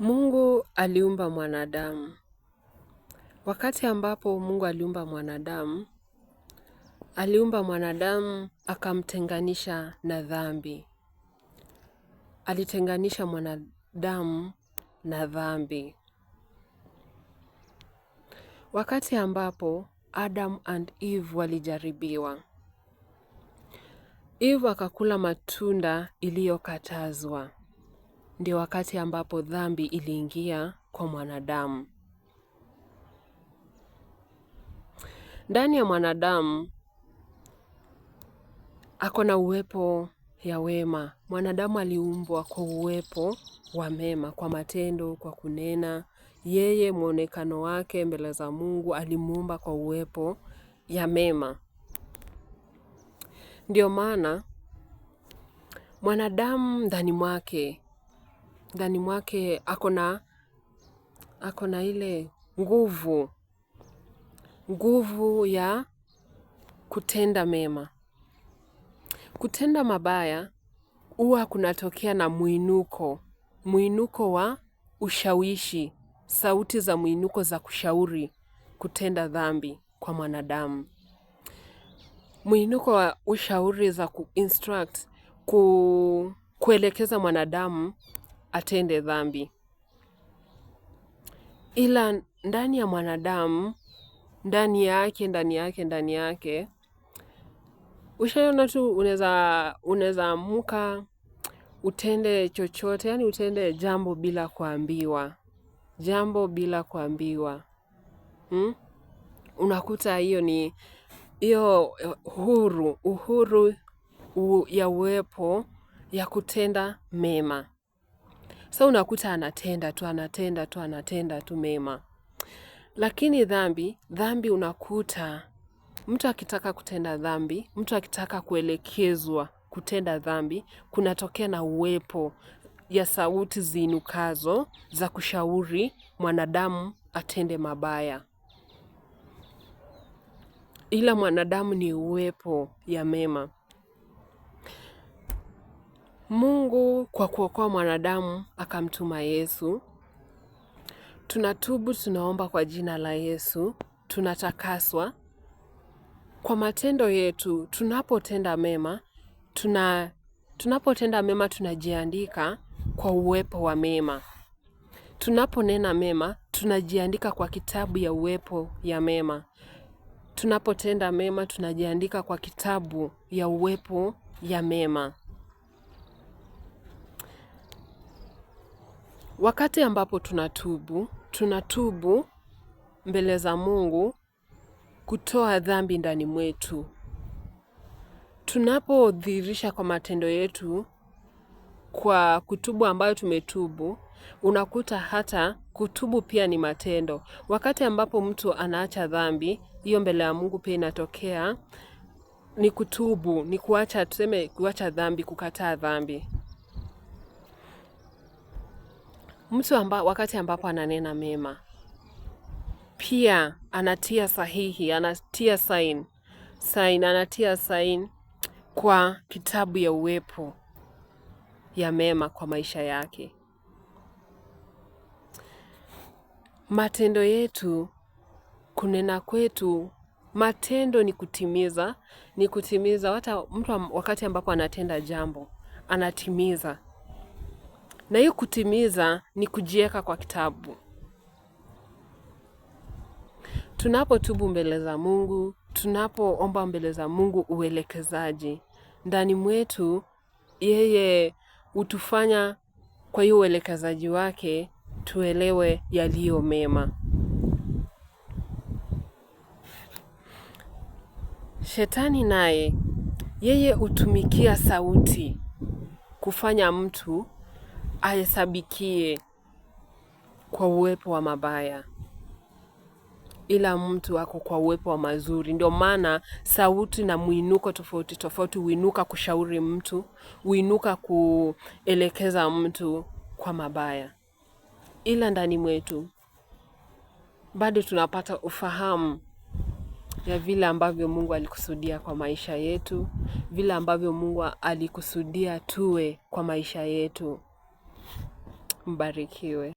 Mungu aliumba mwanadamu. Wakati ambapo Mungu aliumba mwanadamu, aliumba mwanadamu akamtenganisha na dhambi. Alitenganisha mwanadamu na dhambi. Wakati ambapo Adam and Eve walijaribiwa. Eve akakula matunda iliyokatazwa ndio wakati ambapo dhambi iliingia kwa mwanadamu. Ndani ya mwanadamu ako na uwepo ya wema. Mwanadamu aliumbwa kwa uwepo wa mema, kwa matendo, kwa kunena. Yeye mwonekano wake mbele za Mungu alimuumba kwa uwepo ya mema. Ndio maana mwanadamu ndani mwake ndani mwake ako na ako na ile nguvu nguvu ya kutenda mema. Kutenda mabaya huwa kunatokea na mwinuko, mwinuko wa ushawishi, sauti za mwinuko za kushauri kutenda dhambi kwa mwanadamu, mwinuko wa ushauri za kuinstruct ku, kuelekeza mwanadamu atende dhambi. Ila ndani ya mwanadamu, ndani yake, ndani yake, ndani yake, ushaona tu, unaweza unaweza amka utende chochote, yani utende jambo bila kuambiwa, jambo bila kuambiwa hmm? Unakuta hiyo ni hiyo uhuru uhuru ya uwepo ya kutenda mema sa unakuta anatenda tu anatenda tu anatenda tu mema, lakini dhambi dhambi, unakuta mtu akitaka kutenda dhambi, mtu akitaka kuelekezwa kutenda dhambi, kunatokea na uwepo ya sauti ziinukazo za kushauri mwanadamu atende mabaya, ila mwanadamu ni uwepo ya mema. Mungu kwa kuokoa mwanadamu akamtuma Yesu. Tunatubu, tunaomba kwa jina la Yesu, tunatakaswa kwa matendo yetu. Tunapotenda mema tuna, tunapotenda mema tunajiandika kwa uwepo wa mema. Tunaponena mema tunajiandika kwa kitabu ya uwepo ya mema. Tunapotenda mema tunajiandika kwa kitabu ya uwepo ya mema. Wakati ambapo tunatubu, tunatubu mbele za Mungu kutoa dhambi ndani mwetu. Tunapodhihirisha kwa matendo yetu kwa kutubu ambayo tumetubu, unakuta hata kutubu pia ni matendo. Wakati ambapo mtu anaacha dhambi hiyo mbele ya Mungu pia inatokea, ni kutubu, ni kuacha, tuseme kuacha dhambi, kukataa dhambi. mtu amba, wakati ambapo ananena mema pia anatia sahihi, anatia sain sain, anatia sain kwa kitabu ya uwepo ya mema kwa maisha yake. Matendo yetu, kunena kwetu, matendo ni kutimiza, ni kutimiza. Hata mtu wakati ambapo anatenda jambo anatimiza na hiyo kutimiza ni kujiweka kwa kitabu. Tunapotubu mbele za Mungu, tunapoomba mbele za Mungu uelekezaji ndani mwetu, yeye hutufanya kwa hiyo uelekezaji wake tuelewe yaliyo mema. Shetani naye yeye hutumikia sauti kufanya mtu ahesabikie kwa uwepo wa mabaya, ila mtu ako kwa uwepo wa mazuri. Ndio maana sauti na mwinuko tofauti tofauti huinuka kushauri mtu, huinuka kuelekeza mtu kwa mabaya, ila ndani mwetu bado tunapata ufahamu ya vile ambavyo Mungu alikusudia kwa maisha yetu, vile ambavyo Mungu alikusudia tuwe kwa maisha yetu. Mbarikiwe.